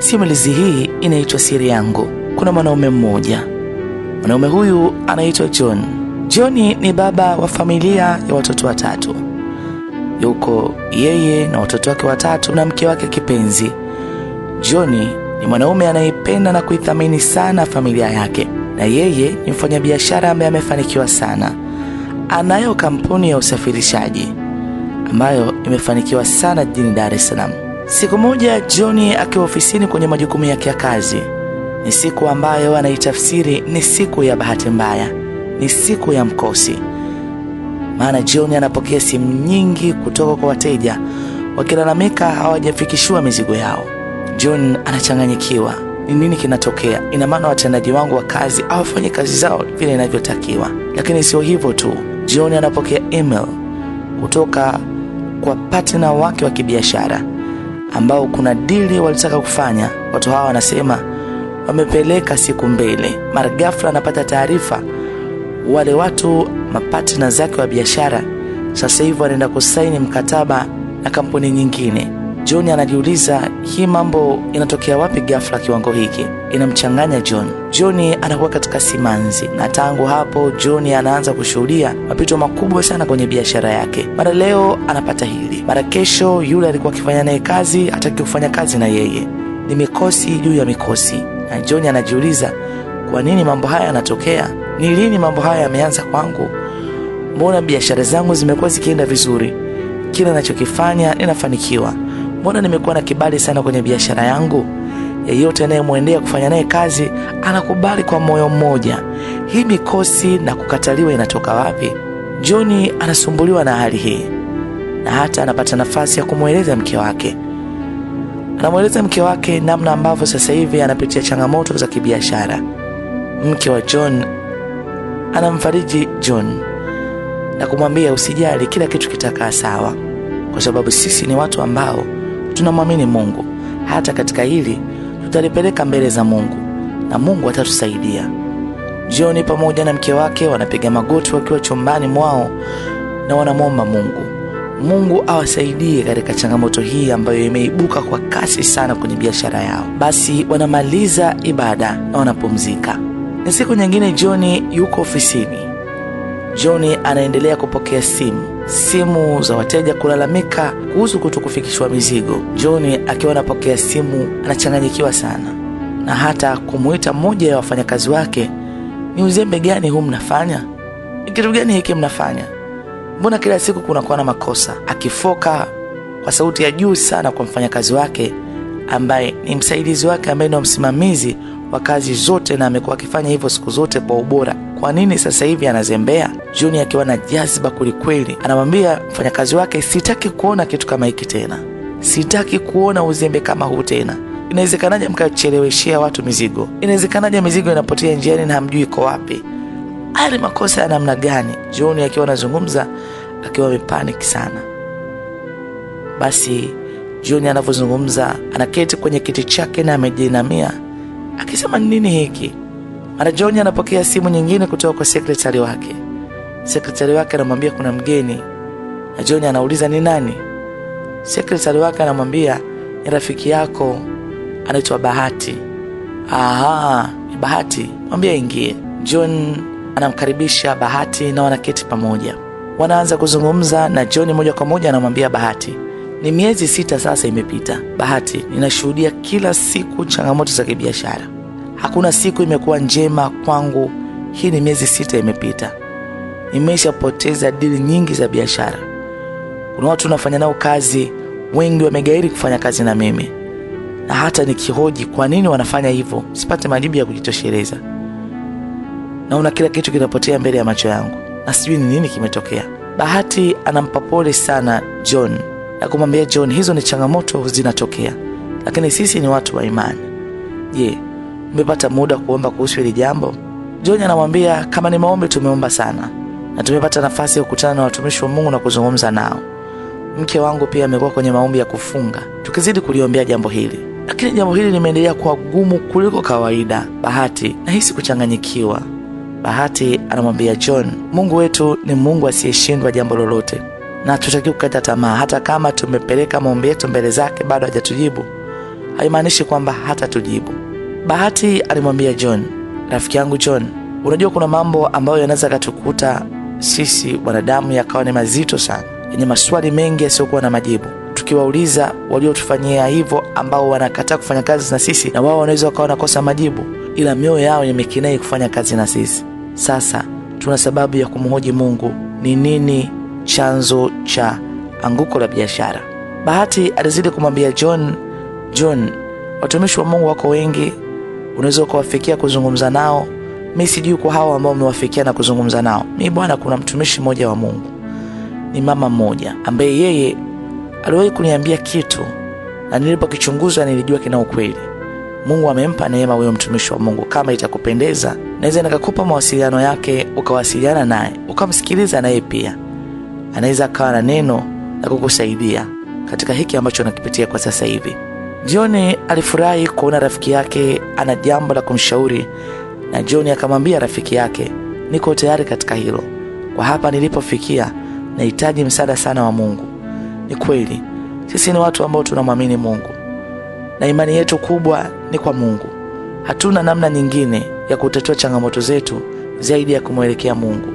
Simulizi hii inaitwa Siri Yangu. Kuna mwanaume mmoja, mwanaume huyu anaitwa John. John ni baba wa familia ya watoto watatu. Yuko yeye na watoto wake watatu na mke wake kipenzi. John ni mwanaume anayependa na kuithamini sana familia yake, na yeye ni mfanyabiashara ambaye amefanikiwa sana. Anayo kampuni ya usafirishaji ambayo imefanikiwa sana jijini Dar es Salaam. Siku moja John akiwa ofisini kwenye majukumu yake ya kazi, ni siku ambayo anaitafsiri ni siku ya bahati mbaya, ni siku ya mkosi. Maana John anapokea simu nyingi kutoka kwa wateja wakilalamika hawajafikishiwa mizigo yao. John anachanganyikiwa, ni nini kinatokea? Ina maana watendaji wangu wa kazi hawafanyi kazi zao vile inavyotakiwa. Lakini sio hivyo tu, John anapokea email kutoka kwa partner wake wa kibiashara ambao kuna dili walitaka kufanya. Watu hawa wanasema wamepeleka siku mbele, mara ghafla anapata taarifa wale watu mapatna zake wa biashara sasa hivi wanaenda kusaini mkataba na kampuni nyingine. John anajiuliza hii mambo inatokea wapi ghafla kiwango hiki, inamchanganya John. John anakuwa katika simanzi, na tangu hapo John anaanza kushuhudia mapito makubwa sana kwenye biashara yake. Mara leo anapata hili, mara kesho yule alikuwa akifanya naye kazi hataki kufanya kazi na yeye, ni mikosi juu ya mikosi, na John anajiuliza kwa nini mambo haya yanatokea? Ni lini mambo haya yameanza kwangu? Mbona biashara zangu zimekuwa zikienda vizuri, kila ninachokifanya ninafanikiwa mbona nimekuwa na kibali sana kwenye biashara yangu? Yeyote anayemwendea kufanya naye kazi anakubali kwa moyo mmoja. Hii mikosi na kukataliwa inatoka wapi? John anasumbuliwa na hali hii na hata anapata nafasi ya kumweleza mke wake. Anamweleza mke wake namna ambavyo sasa hivi anapitia changamoto za kibiashara. Mke wa John anamfariji John na kumwambia usijali, kila kitu kitakaa sawa, kwa sababu sisi ni watu ambao tunamwamini Mungu hata katika hili tutalipeleka mbele za Mungu na Mungu atatusaidia. Joni pamoja na mke wake wanapiga magoti wakiwa chumbani mwao na wanamwomba Mungu. Mungu awasaidie katika changamoto hii ambayo imeibuka kwa kasi sana kwenye biashara yao. Basi wanamaliza ibada na wanapumzika. Ni siku nyingine, Joni yuko ofisini John anaendelea kupokea simu simu za wateja kulalamika kuhusu kutokufikishwa mizigo. John akiwa anapokea simu anachanganyikiwa sana, na hata kumuita mmoja ya wafanyakazi wake. Ni uzembe gani huu mnafanya? Ni kitu gani hiki mnafanya? Mbona kila siku kunakuwa na makosa? Akifoka kwa sauti ya juu sana kwa mfanyakazi wake ambaye ni msaidizi wake ambaye ni msimamizi kwa kazi zote na amekuwa akifanya hivyo siku zote kwa ubora. Kwa nini sasa hivi anazembea? Juni akiwa na jazba kwelikweli, anamwambia mfanyakazi wake, sitaki kuona kitu kama hiki tena, sitaki kuona uzembe kama huu tena. Inawezekanaje mkacheleweshea watu mizigo? Inawezekanaje mizigo inapotea njiani na hamjui iko wapi? Ali makosa ya namna gani? Juni akiwa anazungumza akiwa amepaniki sana. Basi Juni anavyozungumza anaketi kwenye kiti chake na amejinamia akisema nini hiki? Mara John anapokea simu nyingine kutoka kwa sekretari wake. Sekretari wake anamwambia kuna mgeni, na John anauliza ni nani. Sekretari wake anamwambia ni rafiki yako anaitwa Bahati. Aha, ni Bahati, mwambie ingie. John anamkaribisha Bahati na wanaketi pamoja, wanaanza kuzungumza na John moja kwa moja anamwambia Bahati ni miezi sita sasa imepita. Bahati, ninashuhudia kila siku changamoto za kibiashara. Hakuna siku imekuwa njema kwangu. Hii ni miezi sita imepita, nimeshapoteza dili nyingi za biashara. Kuna watu nafanya nao kazi, wengi wamegairi kufanya kazi na mimi, na hata nikihoji kwa nini wanafanya hivyo sipate majibu ya kujitosheleza. Naona kila kitu kinapotea mbele ya macho yangu, na sijui ni nini kimetokea. Bahati anampa pole sana John na kumwambia John hizo ni changamoto zinatokea, lakini sisi ni watu wa imani. Je, umepata muda kuomba kuhusu hili jambo? John anamwambia kama ni maombi, tumeomba sana na tumepata nafasi ya kukutana na watumishi wa Mungu na kuzungumza nao. Mke wangu pia amekuwa kwenye maombi ya kufunga, tukizidi kuliombea jambo hili, lakini jambo hili limeendelea kuwa gumu kuliko kawaida. Bahati nahisi kuchanganyikiwa. Bahati anamwambia John, Mungu wetu ni Mungu asiyeshindwa jambo lolote na hatutakiwi kukata tamaa. Hata kama tumepeleka maombi yetu mbele zake bado hajatujibu, haimaanishi kwamba hata tujibu Bahati alimwambia John, rafiki yangu John, unajua kuna mambo ambayo yanaweza katukuta sisi wanadamu yakawa ni mazito sana, yenye maswali mengi yasiyokuwa na majibu. Tukiwauliza waliotufanyia hivyo, ambao wanakataa kufanya kazi na sisi, na wao wanaweza wakawa wanakosa majibu, ila mioyo yao imekinai kufanya kazi na sisi. Sasa tuna sababu ya kumhoji Mungu, ni nini chanzo cha anguko la biashara. Bahati alizidi kumwambia John, John, watumishi wa Mungu wako wengi, unaweza ukawafikia kuzungumza nao. Mi sijui kwa hao ambao umewafikia na kuzungumza nao. Mi bwana, kuna mtumishi mmoja wa Mungu, ni mama mmoja ambaye yeye aliwahi kuniambia kitu na nilipokichunguza nilijua kina ukweli. Mungu amempa neema huyo mtumishi wa Mungu. Kama itakupendeza, naweza nikakupa mawasiliano yake, ukawasiliana naye, ukamsikiliza naye pia anaweza akawa na neno la kukusaidia katika hiki ambacho unakipitia kwa sasa hivi. John alifurahi kuona rafiki yake ana jambo la kumshauri, na John akamwambia rafiki yake, niko tayari katika hilo. Kwa hapa nilipofikia, nahitaji msaada sana wa Mungu. Ni kweli sisi ni watu ambao tunamwamini Mungu na imani yetu kubwa ni kwa Mungu. Hatuna namna nyingine ya kutatua changamoto zetu zaidi ya kumwelekea Mungu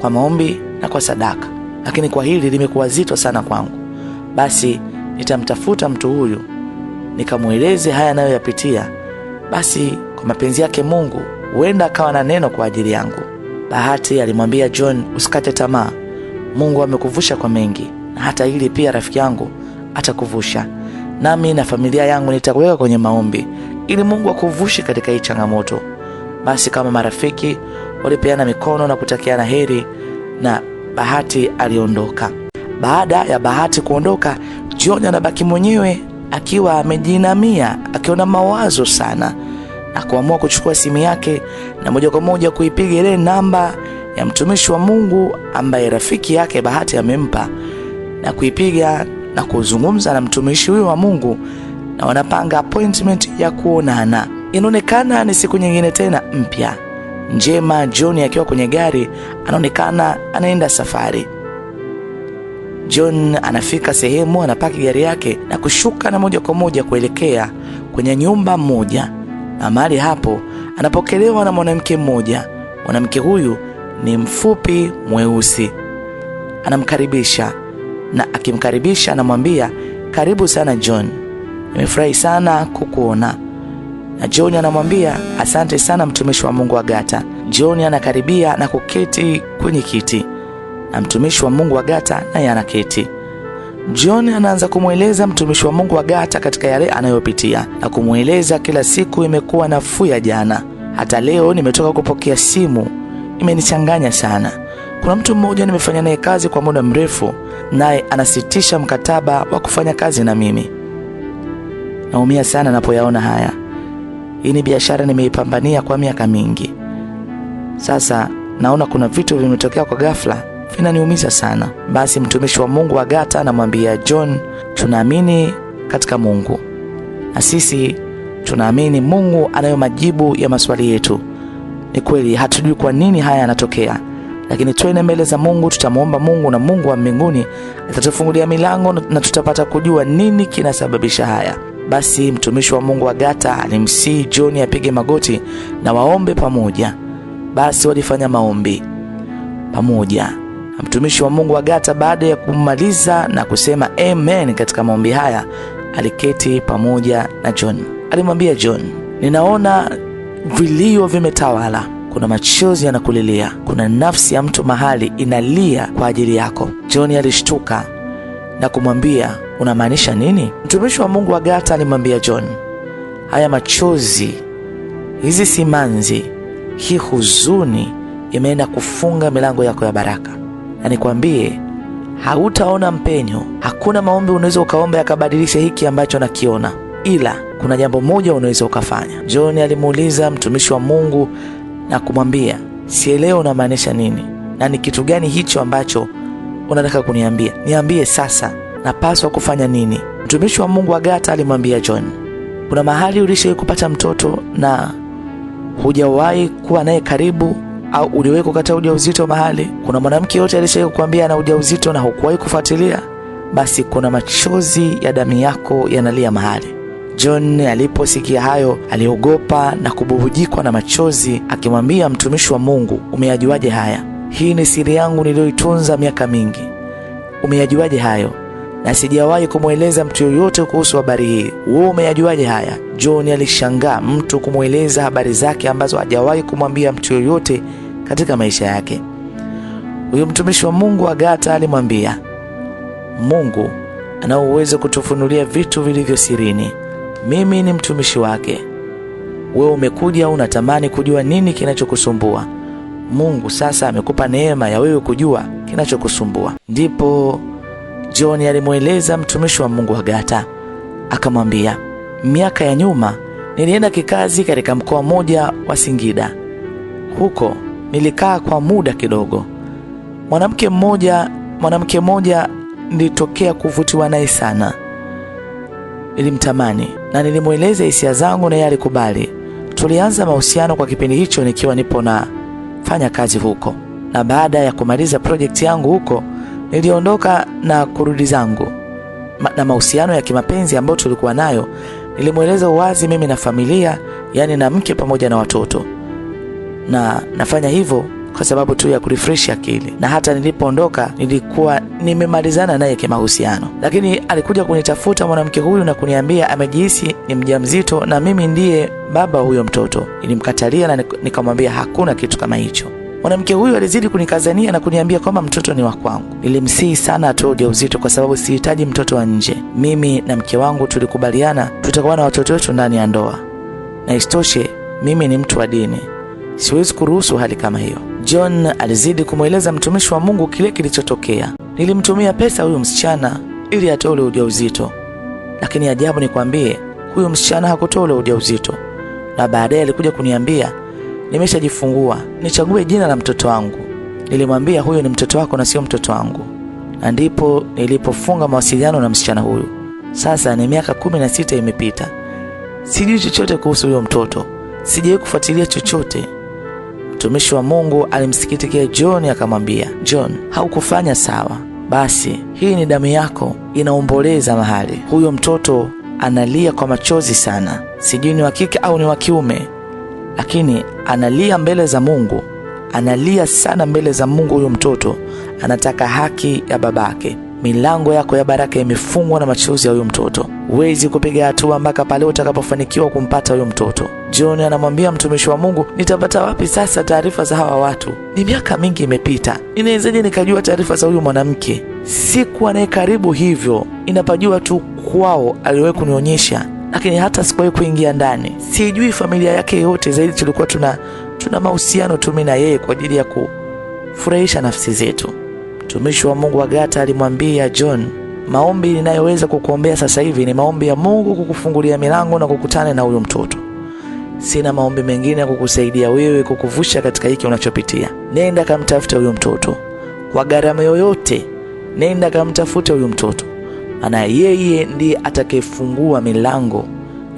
kwa maombi na kwa sadaka lakini kwa hili limekuwa zito sana kwangu, basi nitamtafuta mtu huyu nikamweleze haya anayoyapitia. Basi kwa mapenzi yake Mungu huenda akawa na neno kwa ajili yangu. Bahati alimwambia John, usikate tamaa, Mungu amekuvusha kwa mengi, na hata hili pia rafiki yangu atakuvusha, nami na familia yangu nitakuweka kwenye maombi ili Mungu akuvushe katika hii changamoto. Basi kama marafiki walipeana mikono na kutakiana heri na Bahati aliondoka. Baada ya Bahati kuondoka, John anabaki mwenyewe akiwa amejinamia, akiona mawazo sana na kuamua kuchukua simu yake na moja kwa moja kuipiga ile namba ya mtumishi wa Mungu ambaye rafiki yake Bahati amempa na kuipiga na kuzungumza na mtumishi huyo wa Mungu na wanapanga appointment ya kuonana. Inaonekana ni siku nyingine tena mpya njema. John akiwa kwenye gari anaonekana anaenda safari. John anafika sehemu, anapaki gari yake na kushuka na moja kwa moja kuelekea kwenye nyumba moja, na mahali hapo anapokelewa na mwanamke mmoja. Mwanamke huyu ni mfupi mweusi, anamkaribisha na akimkaribisha anamwambia, karibu sana John, nimefurahi sana kukuona na John anamwambia asante sana mtumishi wa Mungu Agata. John anakaribia na kuketi kwenye kiti na mtumishi wa Mungu Agata naye anaketi. John anaanza kumweleza mtumishi wa Mungu Agata katika yale anayopitia na kumweleza kila siku imekuwa nafuu ya jana, hata leo nimetoka kupokea simu imenichanganya sana. Kuna mtu mmoja nimefanya naye kazi kwa muda mrefu, naye anasitisha mkataba wa kufanya kazi na mimi. Naumia sana napoyaona haya. Hii ni biashara nimeipambania kwa miaka mingi. Sasa naona kuna vitu vimetokea kwa ghafla vinaniumiza sana. Basi mtumishi wa Mungu Agata anamwambia John, tunaamini katika Mungu na sisi tunaamini Mungu anayo majibu ya maswali yetu. Ni kweli hatujui kwa nini haya yanatokea, lakini twende mbele za Mungu, tutamwomba Mungu na Mungu wa mbinguni atatufungulia milango na tutapata kujua nini kinasababisha haya. Basi mtumishi wa Mungu gata alimsii John apige magoti na waombe pamoja. Basi walifanya maombi pamoja na mtumishi wa Mungu wa gata Baada ya kumaliza na kusema amen katika maombi haya, aliketi pamoja na John. Alimwambia John, ninaona vilio vimetawala, kuna machozi yanakulilia, kuna nafsi ya mtu mahali inalia kwa ajili yako. John alishtuka na kumwambia unamaanisha nini? Mtumishi wa Mungu Agata alimwambia John, haya machozi, hizi simanzi, hii huzuni imeenda kufunga milango yako ya baraka, na nikwambie hautaona mpenyo. Hakuna maombi unaweza ukaomba yakabadilisha hiki ambacho nakiona, ila kuna jambo moja unaweza ukafanya. John alimuuliza mtumishi wa Mungu na kumwambia, sielewe unamaanisha nini na ni kitu gani hicho ambacho unataka kuniambia? Niambie sasa, napaswa kufanya nini? Mtumishi wa Mungu Agata alimwambia John, kuna mahali ulishawahi kupata mtoto na hujawahi kuwa naye karibu au uliwahi kukata ujauzito mahali? Kuna mwanamke yote alishawahi kukwambia ana ujauzito na hukuwahi kufuatilia? Basi kuna machozi ya damu yako yanalia mahali. John aliposikia hayo aliogopa na kububujikwa na machozi, akimwambia mtumishi wa Mungu, umeyajuaje haya? Hii ni siri yangu niliyoitunza miaka mingi. Umeyajuaje hayo? Na sijawahi kumweleza mtu yoyote kuhusu habari hii. Wewe umeyajuaje haya? John alishangaa mtu kumweleza habari zake ambazo hajawahi kumwambia mtu yoyote katika maisha yake. Huyo mtumishi wa Mungu Agata alimwambia, Mungu ana uwezo kutufunulia vitu vilivyo sirini. Mimi ni mtumishi wake. Wewe umekuja unatamani kujua nini kinachokusumbua. Mungu sasa amekupa neema ya wewe kujua kinachokusumbua. Ndipo John alimweleza mtumishi wa Mungu Agata, akamwambia, miaka ya nyuma nilienda kikazi katika mkoa mmoja wa Singida. Huko nilikaa kwa muda kidogo. Mwanamke mmoja mwanamke mmoja nilitokea kuvutiwa naye sana, nilimtamani na nilimweleza hisia zangu, naye alikubali. Tulianza mahusiano kwa kipindi hicho nikiwa nipo na kufanya kazi huko, na baada ya kumaliza projekti yangu huko niliondoka na kurudi zangu. Na mahusiano ya kimapenzi ambayo tulikuwa nayo nilimweleza uwazi mimi na familia, yaani na mke pamoja na watoto, na nafanya hivyo kwa sababu tu ya kurefresh akili, na hata nilipoondoka nilikuwa nimemalizana naye kimahusiano, lakini alikuja kunitafuta mwanamke huyu na kuniambia amejihisi ni mjamzito na mimi ndiye baba huyo mtoto. Nilimkatalia na nikamwambia hakuna kitu kama hicho. Mwanamke huyu alizidi kunikazania na kuniambia kwamba mtoto ni wa kwangu. Nilimsihi sana atoe ujauzito kwa sababu sihitaji mtoto wa nje. Mimi na mke wangu tulikubaliana tutakuwa na watoto wetu ndani ya ndoa, na isitoshe mimi ni mtu wa dini, siwezi kuruhusu hali kama hiyo. John alizidi kumweleza mtumishi wa Mungu kile kilichotokea. Nilimtumia pesa huyu msichana ili atoe ule ujauzito, lakini ajabu nikwambie, huyu msichana hakutoa ule ujauzito, na baadaye alikuja kuniambia nimeshajifungua, nichague jina la mtoto wangu. Nilimwambia huyu ni mtoto wako na sio mtoto wangu, na ndipo nilipofunga mawasiliano na msichana huyu. Sasa ni miaka kumi na sita imepita, sijui chochote kuhusu huyo mtoto, sijawahi kufuatilia chochote mtumishi wa Mungu alimsikitikia John akamwambia, John, haukufanya sawa. Basi hii ni damu yako inaomboleza mahali. Huyo mtoto analia kwa machozi sana, sijui ni wa kike au ni wa kiume, lakini analia mbele za Mungu, analia sana mbele za Mungu. Huyo mtoto anataka haki ya babake. Milango yako ya baraka imefungwa na machozi ya huyu mtoto. Huwezi kupiga hatua mpaka pale utakapofanikiwa kumpata huyu mtoto. John anamwambia mtumishi wa Mungu, nitapata wapi sasa taarifa za hawa watu? Ni miaka mingi imepita, ninawezaje nikajua taarifa za huyu mwanamke? Siku anaye karibu hivyo, inapajua tu kwao, aliwahi kunionyesha, lakini hata sikuwahi kuingia ndani. Sijui familia yake yote, zaidi tulikuwa tuna tuna mahusiano tu mimi na yeye kwa ajili ya kufurahisha nafsi zetu. Mtumishi wa Mungu Agata alimwambia John, maombi ninayoweza kukuombea sasa hivi ni maombi ya Mungu kukufungulia milango na kukutana na huyo mtoto. Sina maombi mengine ya kukusaidia wewe kukuvusha katika hiki unachopitia. Nenda kamtafute huyo mtoto kwa gharama yoyote, nenda kamtafute huyo mtoto, maana yeye ndiye atakayefungua milango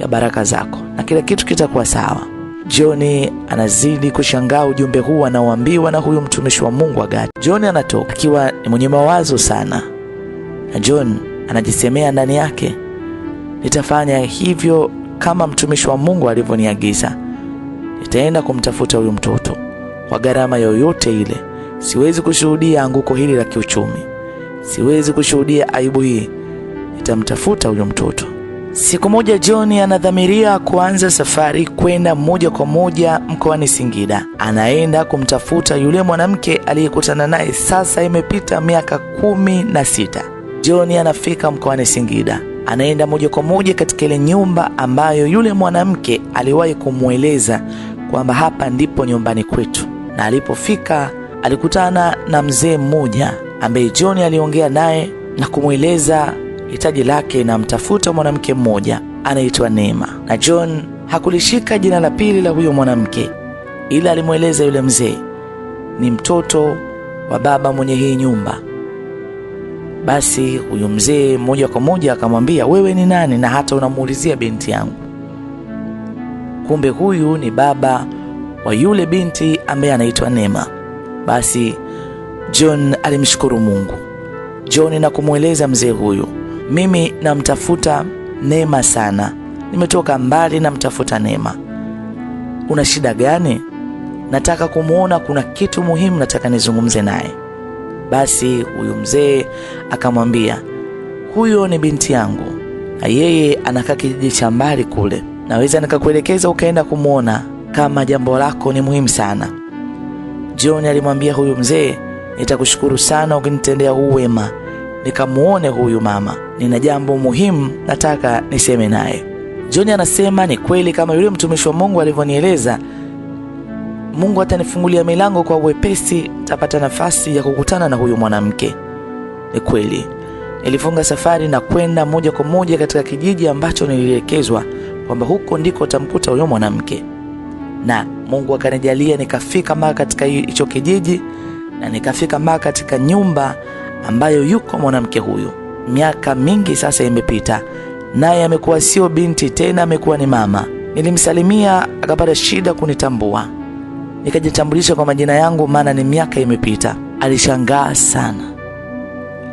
ya baraka zako na kila kitu kitakuwa sawa. John anazidi kushangaa ujumbe huu anaoambiwa na huyu mtumishi wa Mungu wa Gati. John anatoka akiwa ni mwenye mawazo sana, na John anajisemea ndani yake, nitafanya hivyo kama mtumishi wa Mungu alivyoniagiza. Nitaenda kumtafuta huyu mtoto kwa gharama yoyote ile. Siwezi kushuhudia anguko hili la kiuchumi, siwezi kushuhudia aibu hii. Nitamtafuta huyu mtoto. Siku moja John anadhamiria kuanza safari kwenda moja kwa moja mkoani Singida. Anaenda kumtafuta yule mwanamke aliyekutana naye, sasa imepita miaka kumi na sita. John anafika mkoani Singida, anaenda moja kwa moja katika ile nyumba ambayo yule mwanamke aliwahi kumweleza kwamba hapa ndipo nyumbani kwetu, na alipofika alikutana na mzee mmoja ambaye John aliongea naye na kumweleza hitaji lake na mtafuta mwanamke mmoja anaitwa Neema, na John hakulishika jina la pili la huyo mwanamke, ila alimweleza yule mzee ni mtoto wa baba mwenye hii nyumba. Basi huyu mzee moja kwa moja akamwambia, wewe ni nani na hata unamuulizia binti yangu? Kumbe huyu ni baba wa yule binti ambaye anaitwa Neema. Basi John alimshukuru Mungu John na kumweleza mzee huyu mimi namtafuta Neema sana, nimetoka mbali, namtafuta Neema. Una shida gani? Nataka kumwona, kuna kitu muhimu nataka nizungumze naye. Basi huyu mzee akamwambia, huyo ni binti yangu na yeye anakaa kijiji cha mbali kule, naweza nikakuelekeza ukaenda kumwona kama jambo lako ni muhimu sana. John alimwambia huyu mzee, nitakushukuru sana ukinitendea huu wema nikamuone huyu mama, nina jambo muhimu nataka niseme naye. John anasema ni kweli kama yule mtumishi wa Mungu alivyonieleza, Mungu atanifungulia milango kwa uwepesi tapata nafasi ya kukutana na huyu mwanamke. Ni kweli nilifunga safari na kwenda moja kwa moja katika kijiji ambacho nilielekezwa kwamba huko ndiko utamkuta huyo mwanamke, na Mungu akanijalia nikafika mpaka katika hicho kijiji na nikafika mpaka katika nyumba ambayo yuko mwanamke huyu. Miaka mingi sasa imepita, naye amekuwa sio binti tena, amekuwa ni mama. Nilimsalimia akapata shida kunitambua, nikajitambulisha kwa majina yangu, maana ni miaka imepita. Alishangaa sana,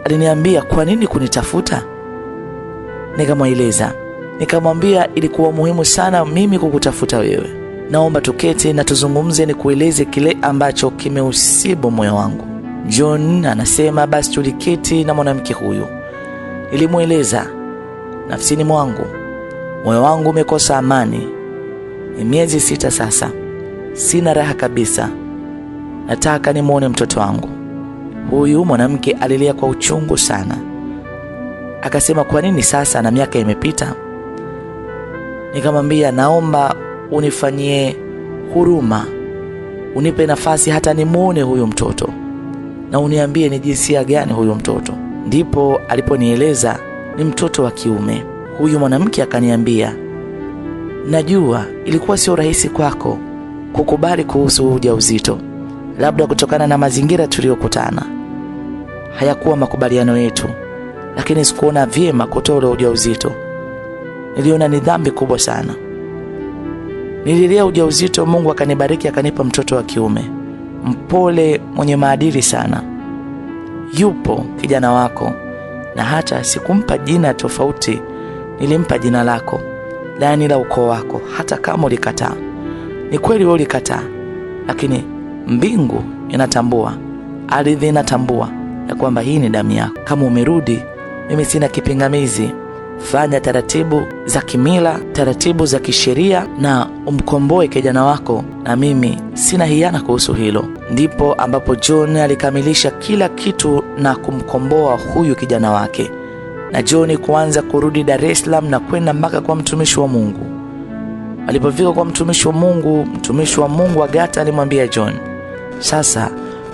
aliniambia kwa nini kunitafuta? Nikamweleza, nikamwambia ilikuwa muhimu sana mimi kukutafuta wewe. Naomba tuketi na tuzungumze, nikueleze kile ambacho kimeusibu moyo wangu. John anasema basi tuliketi na mwanamke huyu. Nilimweleza nafsini mwangu, moyo wangu umekosa amani, ni miezi sita sasa, sina raha kabisa, nataka nimwone mtoto wangu. Huyu mwanamke alilia kwa uchungu sana, akasema kwa nini sasa na miaka imepita? Nikamwambia naomba unifanyie huruma, unipe nafasi hata nimwone huyu mtoto na uniambie ni jinsia gani huyu mtoto. Ndipo aliponieleza ni mtoto wa kiume. Huyu mwanamke akaniambia, najua ilikuwa sio rahisi kwako kukubali kuhusu ujauzito, labda kutokana na mazingira tuliyokutana. Hayakuwa makubaliano yetu, lakini sikuona vyema kutoa ule ujauzito. Niliona ni dhambi kubwa sana. Nililea ujauzito, Mungu akanibariki, akanipa mtoto wa kiume mpole, mwenye maadili sana. Yupo kijana wako, na hata sikumpa jina tofauti, nilimpa jina lako, laani la ukoo wako, hata kama ulikataa. Ni kweli wewe ulikataa, lakini mbingu inatambua, ardhi inatambua ya kwamba hii ni damu yako. Kama umerudi, mimi sina kipingamizi fanya taratibu za kimila, taratibu za kisheria na umkomboe kijana wako, na mimi sina hiana kuhusu hilo. Ndipo ambapo John alikamilisha kila kitu na kumkomboa huyu kijana wake, na John kuanza kurudi Dar es Salaam na kwenda mpaka kwa mtumishi wa Mungu. Alipofika kwa mtumishi wa Mungu, mtumishi wa Mungu Agata alimwambia John, sasa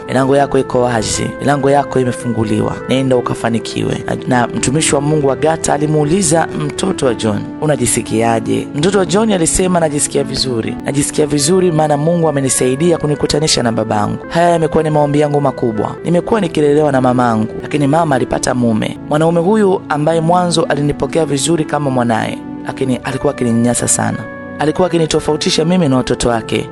milango yako iko wazi, milango yako imefunguliwa, nenda ukafanikiwe. Na, na mtumishi wa Mungu Agata alimuuliza mtoto wa John, unajisikiaje? Mtoto wa John alisema, najisikia vizuri, najisikia vizuri, maana Mungu amenisaidia kunikutanisha na babangu. Haya yamekuwa ni maombi yangu makubwa. Nimekuwa nikilelewa na mamangu, lakini mama alipata mume, mwanaume huyu ambaye mwanzo alinipokea vizuri kama mwanaye, lakini alikuwa akininyanyasa sana, alikuwa akinitofautisha mimi na watoto wake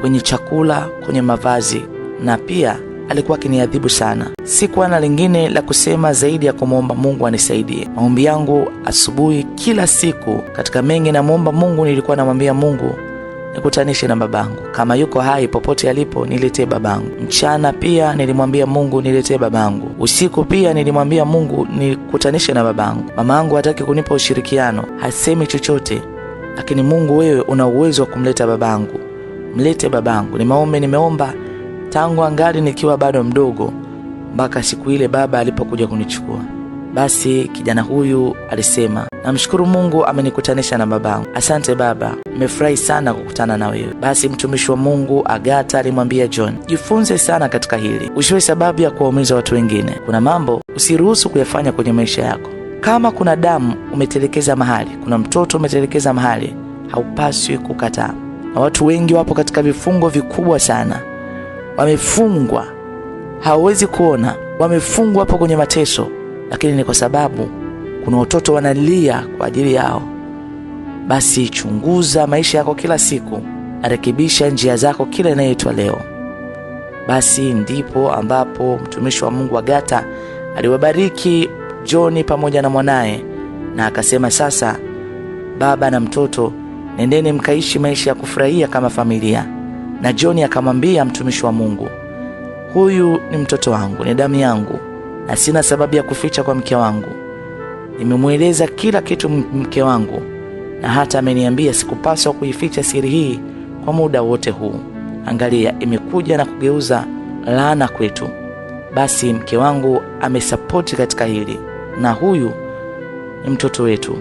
kwenye chakula, kwenye mavazi na pia alikuwa akiniadhibu sana. Sikuwa na lingine la kusema zaidi ya kumwomba Mungu anisaidie. Maombi yangu asubuhi kila siku, katika mengi namwomba Mungu, nilikuwa namwambia Mungu nikutanishe na babangu, kama yuko hai popote alipo, niletee babangu. Mchana pia nilimwambia Mungu niletee babangu. Usiku pia nilimwambia Mungu nikutanishe na babangu. Mama yangu hataki kunipa ushirikiano, hasemi chochote, lakini Mungu, wewe una uwezo wa kumleta babangu, mlete babangu. Ni maombi nimeomba tangu angali nikiwa bado mdogo mpaka siku ile baba alipokuja kunichukua. Basi kijana huyu alisema, namshukuru Mungu amenikutanisha na babangu. Asante baba, nimefurahi sana kukutana na wewe. Basi mtumishi wa Mungu Agata alimwambia John, jifunze sana katika hili, usiwe sababu ya kuwaumiza watu wengine. Kuna mambo usiruhusu kuyafanya kwenye maisha yako. Kama kuna damu umetelekeza mahali, kuna mtoto umetelekeza mahali, haupaswi kukataa. Na watu wengi wapo katika vifungo vikubwa sana wamefungwa, hawawezi kuona, wamefungwa hapo kwenye mateso, lakini ni kwa sababu kuna watoto wanalia kwa ajili yao. Basi chunguza maisha yako kila siku, arekebisha njia zako kila inayoitwa leo. Basi ndipo ambapo mtumishi wa Mungu Agata aliwabariki Joni pamoja na mwanaye, na akasema sasa, baba na mtoto, nendeni mkaishi maisha ya kufurahia kama familia. Na joni akamwambia mtumishi wa Mungu, huyu ni mtoto wangu, ni damu yangu, na sina sababu ya kuficha kwa mke wangu. Nimemweleza kila kitu mke wangu, na hata ameniambia sikupaswa kuificha siri hii kwa muda wote huu. Angalia, imekuja na kugeuza laana kwetu. Basi mke wangu amesapoti katika hili, na huyu ni mtoto wetu.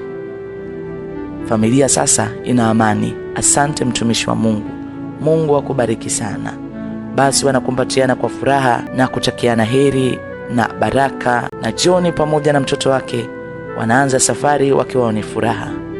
Familia sasa ina amani. Asante mtumishi wa Mungu. Mungu akubariki sana. Basi wanakumbatiana kwa furaha na kutakiana heri na baraka, na John pamoja na mtoto wake wanaanza safari wakiwa ni furaha.